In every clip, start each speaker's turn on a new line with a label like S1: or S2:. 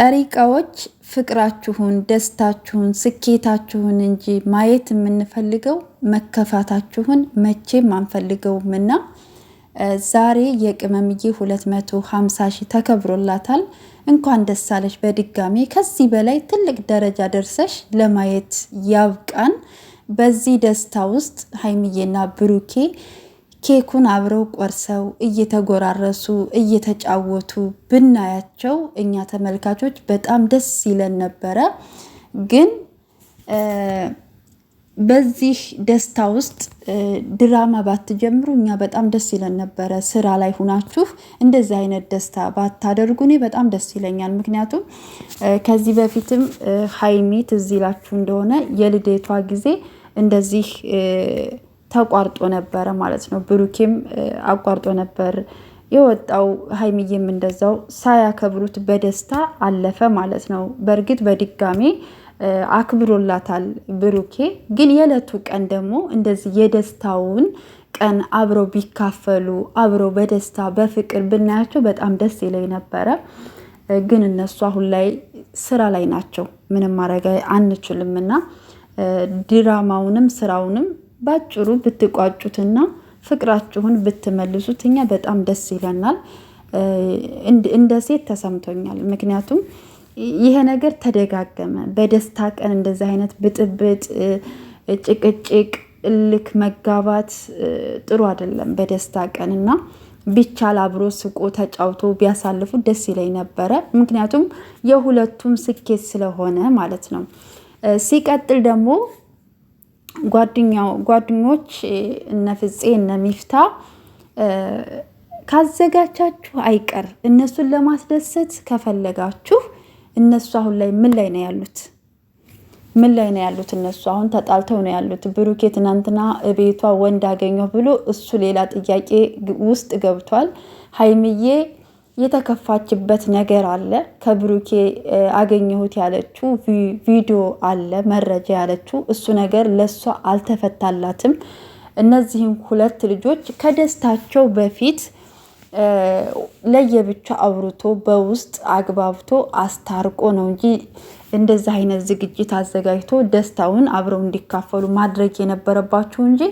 S1: ጨሪቃዎች ፍቅራችሁን፣ ደስታችሁን፣ ስኬታችሁን እንጂ ማየት የምንፈልገው መከፋታችሁን መቼም አንፈልገውም እና ዛሬ የቅመምዬ 250 ሺህ ተከብሮላታል። እንኳን ደስ አለሽ በድጋሚ ከዚህ በላይ ትልቅ ደረጃ ደርሰሽ ለማየት ያብቃን። በዚህ ደስታ ውስጥ ሀይምዬና ብሩኬ ኬኩን አብረው ቆርሰው እየተጎራረሱ እየተጫወቱ ብናያቸው እኛ ተመልካቾች በጣም ደስ ይለን ነበረ። ግን በዚህ ደስታ ውስጥ ድራማ ባትጀምሩ እኛ በጣም ደስ ይለን ነበረ። ስራ ላይ ሁናችሁ እንደዚህ አይነት ደስታ ባታደርጉ እኔ በጣም ደስ ይለኛል። ምክንያቱም ከዚህ በፊትም ሀይሚ ትዝ ይላችሁ እንደሆነ የልደቷ ጊዜ እንደዚህ ተቋርጦ ነበረ ማለት ነው። ብሩኬም አቋርጦ ነበር የወጣው ሀይሚዬም እንደዛው ሳያከብሩት በደስታ አለፈ ማለት ነው። በእርግጥ በድጋሜ አክብሮላታል ብሩኬ። ግን የዕለቱ ቀን ደግሞ እንደዚህ የደስታውን ቀን አብረው ቢካፈሉ አብረው በደስታ በፍቅር ብናያቸው በጣም ደስ ይለኝ ነበረ። ግን እነሱ አሁን ላይ ስራ ላይ ናቸው፣ ምንም ማድረግ አንችልም እና ድራማውንም ስራውንም ባጭሩ ብትቋጩትና ፍቅራችሁን ብትመልሱት እኛ በጣም ደስ ይለናል። እንደ ሴት ተሰምቶኛል። ምክንያቱም ይሄ ነገር ተደጋገመ። በደስታ ቀን እንደዚህ አይነት ብጥብጥ፣ ጭቅጭቅ፣ እልክ መጋባት ጥሩ አይደለም። በደስታ ቀን እና ቢቻል አብሮ ስቆ ተጫውቶ ቢያሳልፉ ደስ ይለኝ ነበረ። ምክንያቱም የሁለቱም ስኬት ስለሆነ ማለት ነው። ሲቀጥል ደግሞ ጓደኛው ጓደኞች እነ ፍፄ እነ ሚፍታ ካዘጋጃችሁ አይቀር እነሱን ለማስደሰት ከፈለጋችሁ እነሱ አሁን ላይ ምን ላይ ነው ያሉት? ምን ላይ ነው ያሉት? እነሱ አሁን ተጣልተው ነው ያሉት። ብሩኬ ትናንትና ቤቷ ወንድ አገኘሁ ብሎ እሱ ሌላ ጥያቄ ውስጥ ገብቷል። ሀይምዬ? የተከፋችበት ነገር አለ። ከብሩኬ አገኘሁት ያለችው ቪዲዮ አለ መረጃ ያለችው እሱ ነገር ለእሷ አልተፈታላትም። እነዚህም ሁለት ልጆች ከደስታቸው በፊት ለየብቻ አውርቶ በውስጥ አግባብቶ አስታርቆ ነው እንጂ እንደዚህ አይነት ዝግጅት አዘጋጅቶ ደስታውን አብረው እንዲካፈሉ ማድረግ የነበረባችሁ እንጂ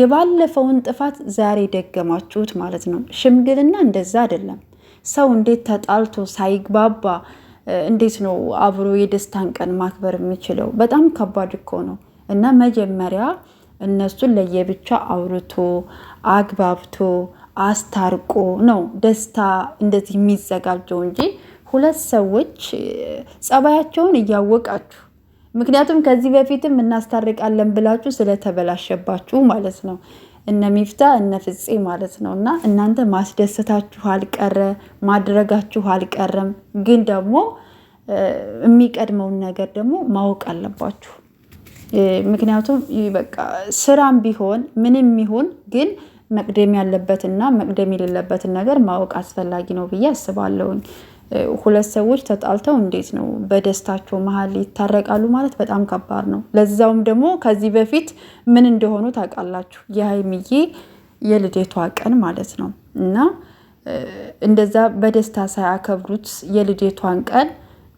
S1: የባለፈውን ጥፋት ዛሬ ደገማችሁት ማለት ነው። ሽምግልና እንደዛ አይደለም። ሰው እንዴት ተጣልቶ ሳይግባባ እንዴት ነው አብሮ የደስታን ቀን ማክበር የሚችለው? በጣም ከባድ እኮ ነው። እና መጀመሪያ እነሱን ለየብቻ አውርቶ አግባብቶ አስታርቆ ነው ደስታ እንደዚህ የሚዘጋጀው እንጂ ሁለት ሰዎች ጸባያቸውን እያወቃችሁ ምክንያቱም ከዚህ በፊትም እናስታርቃለን ብላችሁ ስለተበላሸባችሁ ማለት ነው እነ ሚፍታ እነ ፍፄ ማለት ነው። እና እናንተ ማስደሰታችሁ አልቀረ ማድረጋችሁ አልቀረም፣ ግን ደግሞ የሚቀድመውን ነገር ደግሞ ማወቅ አለባችሁ። ምክንያቱም በቃ ስራም ቢሆን ምንም ይሁን ግን መቅደም ያለበትና መቅደም የሌለበትን ነገር ማወቅ አስፈላጊ ነው ብዬ አስባለሁኝ። ሁለት ሰዎች ተጣልተው እንዴት ነው በደስታቸው መሀል ይታረቃሉ ማለት በጣም ከባድ ነው። ለዛውም ደግሞ ከዚህ በፊት ምን እንደሆኑ ታውቃላችሁ። የሀይሚዬ የልደቷ ቀን ማለት ነው እና እንደዛ በደስታ ሳያከብሩት የልደቷን ቀን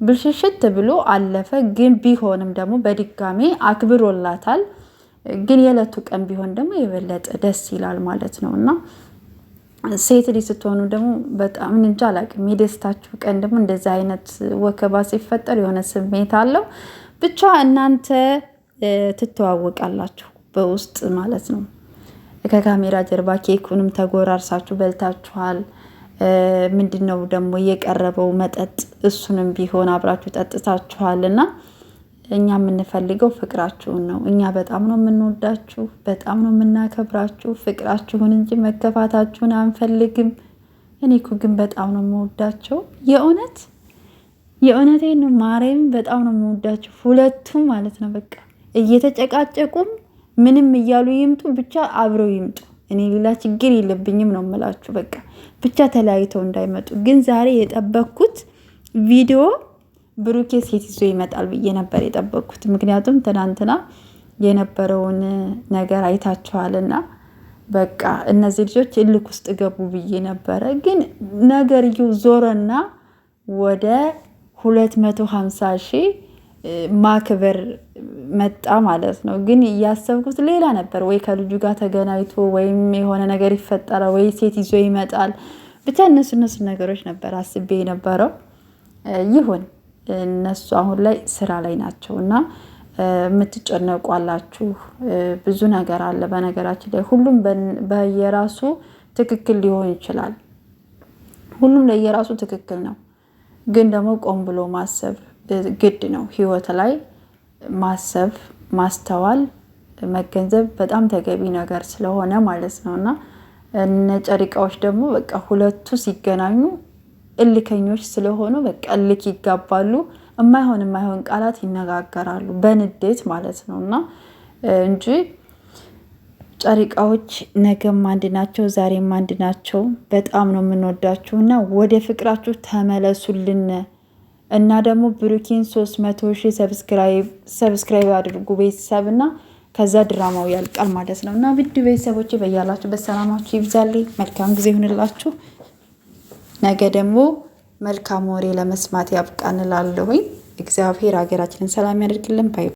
S1: ብልሽሽት ብሎ አለፈ። ግን ቢሆንም ደግሞ በድጋሜ አክብሮላታል። ግን የዕለቱ ቀን ቢሆን ደግሞ የበለጠ ደስ ይላል ማለት ነው እና ሴት ልጅ ስትሆኑ ደግሞ በጣም እንጃ አላውቅም። የደስታችሁ ቀን ደግሞ እንደዚህ አይነት ወከባ ሲፈጠር የሆነ ስሜት አለው። ብቻ እናንተ ትተዋወቃላችሁ በውስጥ ማለት ነው። ከካሜራ ጀርባ ኬኩንም ተጎራርሳችሁ በልታችኋል። ምንድን ነው ደግሞ የቀረበው መጠጥ፣ እሱንም ቢሆን አብራችሁ ጠጥታችኋል እና እኛ የምንፈልገው ፍቅራችሁን ነው። እኛ በጣም ነው የምንወዳችሁ፣ በጣም ነው የምናከብራችሁ። ፍቅራችሁን እንጂ መከፋታችሁን አንፈልግም። እኔ እኮ ግን በጣም ነው የምወዳቸው የእውነት የእውነቴን ነው በጣም ነው የምወዳቸው ሁለቱም ማለት ነው። በቃ እየተጨቃጨቁም ምንም እያሉ ይምጡ ብቻ አብረው ይምጡ። እኔ ሌላ ችግር የለብኝም ነው የምላችሁ። በቃ ብቻ ተለያይተው እንዳይመጡ ግን ዛሬ የጠበኩት ቪዲዮ ብሩኬ ሴት ይዞ ይመጣል ብዬ ነበር የጠበቅኩት። ምክንያቱም ትናንትና የነበረውን ነገር አይታችኋልና በቃ እነዚህ ልጆች እልክ ውስጥ ገቡ ብዬ ነበረ። ግን ነገርየው ዞረና ወደ 250 ሺህ ማክበር መጣ ማለት ነው። ግን እያሰብኩት ሌላ ነበር። ወይ ከልጁ ጋር ተገናኝቶ ወይም የሆነ ነገር ይፈጠራል፣ ወይ ሴት ይዞ ይመጣል። ብቻ እነሱ እነሱ ነገሮች ነበር አስቤ የነበረው ይሁን እነሱ አሁን ላይ ስራ ላይ ናቸው እና የምትጨነቁ አላችሁ። ብዙ ነገር አለ። በነገራችን ላይ ሁሉም በየራሱ ትክክል ሊሆን ይችላል። ሁሉም ለየራሱ ትክክል ነው። ግን ደግሞ ቆም ብሎ ማሰብ ግድ ነው። ህይወት ላይ ማሰብ፣ ማስተዋል፣ መገንዘብ በጣም ተገቢ ነገር ስለሆነ ማለት ነው እና እነ ጨሪቃዎች ደግሞ በቃ ሁለቱ ሲገናኙ እልከኞች ስለሆኑ በቃ እልክ ይጋባሉ። የማይሆን የማይሆን ቃላት ይነጋገራሉ በንዴት ማለት ነው እና እንጂ ጨሪቃዎች ነገም አንድ ናቸው፣ ዛሬም አንድ ናቸው። በጣም ነው የምንወዳችሁ እና ወደ ፍቅራችሁ ተመለሱልን እና ደግሞ ብሩኪን ሶስት መቶ ሺህ ሰብስክራይብ አድርጉ ቤተሰብ እና ከዛ ድራማው ያልቃል ማለት ነው እና ብድ ቤተሰቦች በያላችሁ በሰላማችሁ ይብዛልኝ። መልካም ጊዜ ይሁንላችሁ። ነገ ደግሞ መልካም ወሬ ለመስማት ያብቃን እላለሁኝ። እግዚአብሔር ሀገራችንን ሰላም ያደርግልን ባይ